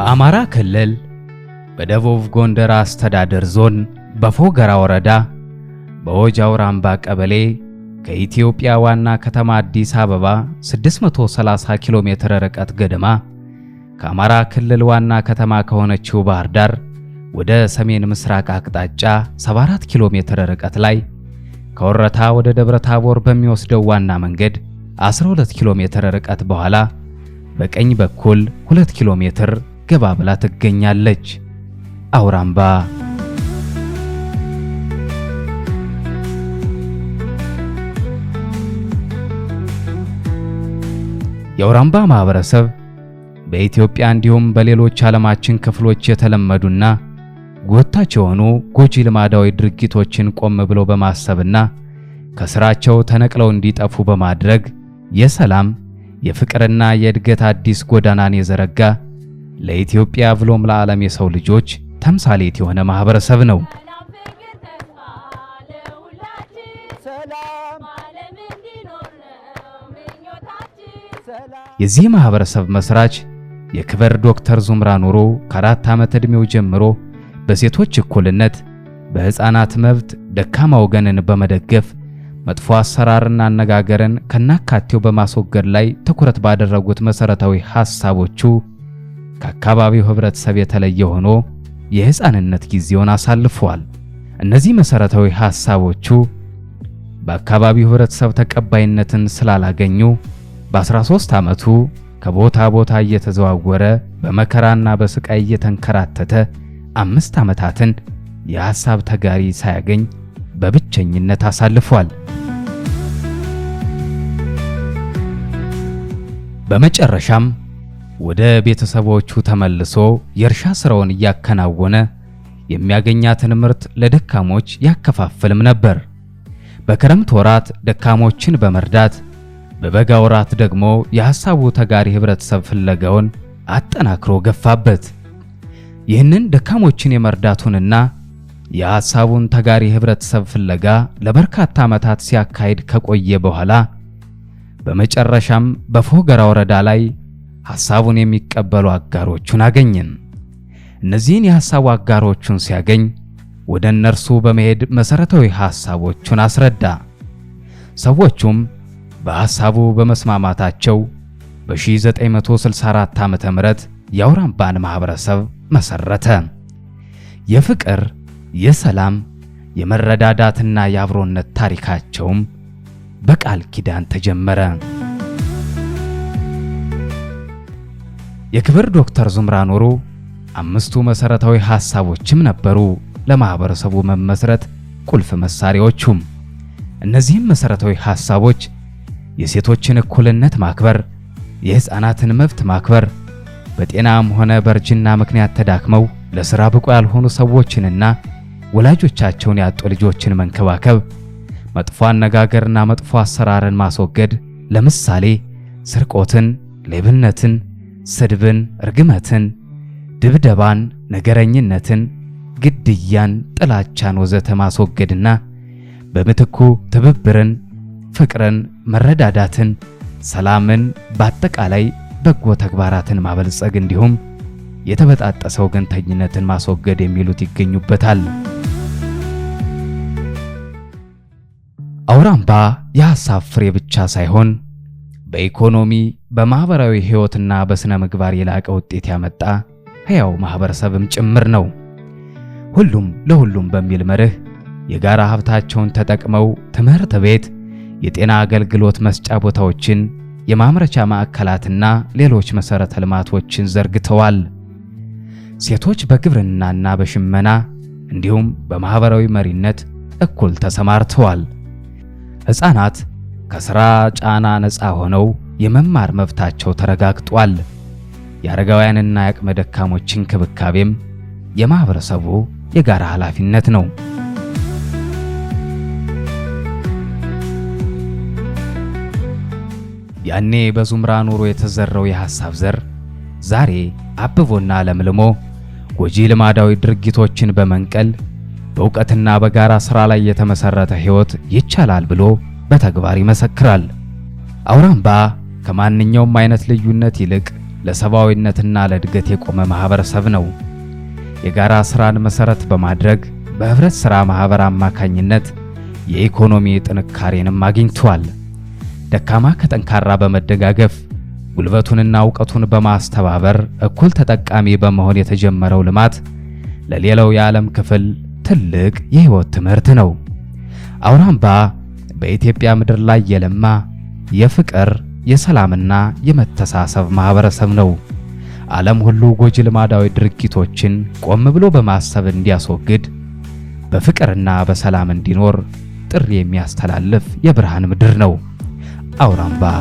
በአማራ ክልል በደቡብ ጎንደር አስተዳደር ዞን በፎገራ ወረዳ በወጃውር አምባ ቀበሌ ከኢትዮጵያ ዋና ከተማ አዲስ አበባ 630 ኪሎ ሜትር ርቀት ገደማ ከአማራ ክልል ዋና ከተማ ከሆነችው ባህር ዳር ወደ ሰሜን ምስራቅ አቅጣጫ 74 ኪሎ ሜትር ርቀት ላይ ከወረታ ወደ ደብረ ታቦር በሚወስደው ዋና መንገድ 12 ኪሎ ሜትር ርቀት በኋላ በቀኝ በኩል 2 ኪሎ ሜትር ገባ ብላ ትገኛለች። አውራምባ የአውራምባ ማህበረሰብ በኢትዮጵያ እንዲሁም በሌሎች ዓለማችን ክፍሎች የተለመዱና ጎታች የሆኑ ጎጂ ልማዳዊ ድርጊቶችን ቆም ብለው በማሰብና ከስራቸው ተነቅለው እንዲጠፉ በማድረግ የሰላም የፍቅርና የእድገት አዲስ ጎዳናን የዘረጋ ለኢትዮጵያ ብሎም ለዓለም የሰው ልጆች ተምሳሌት የሆነ ማህበረሰብ ነው። የዚህ ማህበረሰብ መስራች የክብር ዶክተር ዙምራ ኑሮ ከአራት ዓመት ዕድሜው ጀምሮ በሴቶች እኩልነት፣ በሕፃናት መብት፣ ደካማ ወገንን በመደገፍ መጥፎ አሰራርና አነጋገርን ከናካቴው በማስወገድ ላይ ትኩረት ባደረጉት መሠረታዊ ሐሳቦቹ ከአካባቢው ህብረተሰብ የተለየ ሆኖ የህፃንነት ጊዜውን አሳልፏል። እነዚህ መሰረታዊ ሐሳቦቹ በአካባቢው ህብረተሰብ ተቀባይነትን ስላላገኙ በ13 ዓመቱ ከቦታ ቦታ እየተዘዋወረ በመከራና በስቃይ እየተንከራተተ አምስት ዓመታትን የሐሳብ ተጋሪ ሳያገኝ በብቸኝነት አሳልፏል። በመጨረሻም ወደ ቤተሰቦቹ ተመልሶ የእርሻ ስራውን እያከናወነ የሚያገኛትን ምርት ለደካሞች ያከፋፍልም ነበር። በክረምት ወራት ደካሞችን በመርዳት በበጋ ወራት ደግሞ የሐሳቡ ተጋሪ ህብረተሰብ ፍለጋውን አጠናክሮ ገፋበት። ይህንን ደካሞችን የመርዳቱንና የሐሳቡን ተጋሪ ህብረተሰብ ፍለጋ ለበርካታ ዓመታት ሲያካሂድ ከቆየ በኋላ በመጨረሻም በፎገራ ወረዳ ላይ ሐሳቡን የሚቀበሉ አጋሮቹን አገኘን። እነዚህን የሐሳቡ አጋሮቹን ሲያገኝ ወደ እነርሱ በመሄድ መሠረታዊ ሐሳቦቹን አስረዳ። ሰዎቹም በሐሳቡ በመስማማታቸው በ1964 ዓ.ም የአውራምባን ማኅበረሰብ መሠረተ። የፍቅር፣ የሰላም፣ የመረዳዳትና የአብሮነት ታሪካቸውም በቃል ኪዳን ተጀመረ። የክብር ዶክተር ዙምራ ኑሩ አምስቱ መሰረታዊ ሐሳቦችም ነበሩ ለማህበረሰቡ መመስረት ቁልፍ መሳሪያዎቹም። እነዚህም መሰረታዊ ሐሳቦች የሴቶችን እኩልነት ማክበር፣ የህፃናትን መብት ማክበር፣ በጤናም ሆነ በእርጅና ምክንያት ተዳክመው ለሥራ ብቁ ያልሆኑ ሰዎችንና ወላጆቻቸውን ያጡ ልጆችን መንከባከብ፣ መጥፎ አነጋገርና መጥፎ አሰራርን ማስወገድ፣ ለምሳሌ ስርቆትን፣ ሌብነትን ስድብን፣ ርግመትን፣ ድብደባን፣ ነገረኝነትን፣ ግድያን፣ ጥላቻን ወዘተ ማስወገድና በምትኩ ትብብርን፣ ፍቅርን፣ መረዳዳትን፣ ሰላምን፣ በአጠቃላይ በጎ ተግባራትን ማበልጸግ እንዲሁም የተበጣጠሰ ወገንተኝነትን ማስወገድ የሚሉት ይገኙበታል። አውራምባ የሐሳብ ፍሬ ብቻ ሳይሆን በኢኮኖሚ በማኅበራዊ ሕይወትና በሥነ ምግባር የላቀ ውጤት ያመጣ ሕያው ማኅበረሰብም ጭምር ነው። ሁሉም ለሁሉም በሚል መርህ የጋራ ሀብታቸውን ተጠቅመው ትምህርት ቤት፣ የጤና አገልግሎት መስጫ ቦታዎችን፣ የማምረቻ ማዕከላትና ሌሎች መሠረተ ልማቶችን ዘርግተዋል። ሴቶች በግብርናና በሽመና እንዲሁም በማኅበራዊ መሪነት እኩል ተሰማርተዋል። ሕፃናት ከሥራ ጫና ነፃ ሆነው የመማር መብታቸው ተረጋግጧል። የአረጋውያንና የአቅመ ደካሞች እንክብካቤም የማኅበረሰቡ የጋራ ኃላፊነት ነው። ያኔ በዙምራ ኑሮ የተዘራው የሐሳብ ዘር ዛሬ አብቦና ለምልሞ ጎጂ ልማዳዊ ድርጊቶችን በመንቀል በእውቀትና በጋራ ሥራ ላይ የተመሠረተ ሕይወት ይቻላል ብሎ በተግባር ይመሰክራል። አውራምባ ከማንኛውም አይነት ልዩነት ይልቅ ለሰብአዊነትና ለእድገት የቆመ ማህበረሰብ ነው። የጋራ ስራን መሰረት በማድረግ በህብረት ስራ ማህበር አማካኝነት የኢኮኖሚ ጥንካሬንም አግኝቷል። ደካማ ከጠንካራ በመደጋገፍ ጉልበቱንና እውቀቱን በማስተባበር እኩል ተጠቃሚ በመሆን የተጀመረው ልማት ለሌላው የዓለም ክፍል ትልቅ የህይወት ትምህርት ነው። አውራምባ በኢትዮጵያ ምድር ላይ የለማ የፍቅር የሰላምና የመተሳሰብ ማህበረሰብ ነው። ዓለም ሁሉ ጎጂ ልማዳዊ ድርጊቶችን ቆም ብሎ በማሰብ እንዲያስወግድ በፍቅርና በሰላም እንዲኖር ጥሪ የሚያስተላልፍ የብርሃን ምድር ነው አውራምባ።